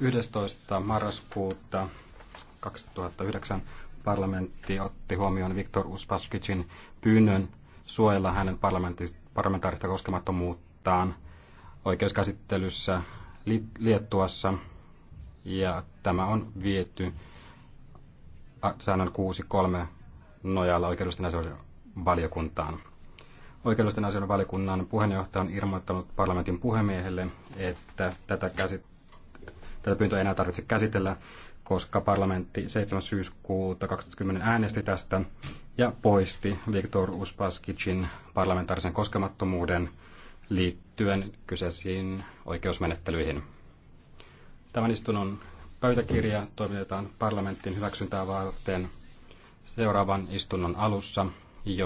11. marraskuuta 2009 parlamentti otti huomioon Viktor Uspaskicin pyynnön suojella hänen parlamentaarista koskemattomuuttaan oikeuskäsittelyssä Liettuassa ja tämä on viety säännön 6.3 nojalla oikeudellisten asioiden valiokuntaan. Oikeudellisten asioiden valiokunnan puheenjohtaja on ilmoittanut parlamentin puhemiehelle, että tätä käsittelyä tätä pyyntöä ei enää tarvitse käsitellä, koska parlamentti 7. syyskuuta 2010 äänesti tästä ja poisti Viktor Uspaskicin parlamentaarisen koskemattomuuden liittyen kyseisiin oikeusmenettelyihin. Tämän istunnon pöytäkirja toimitetaan parlamentin hyväksyntää varten seuraavan istunnon alussa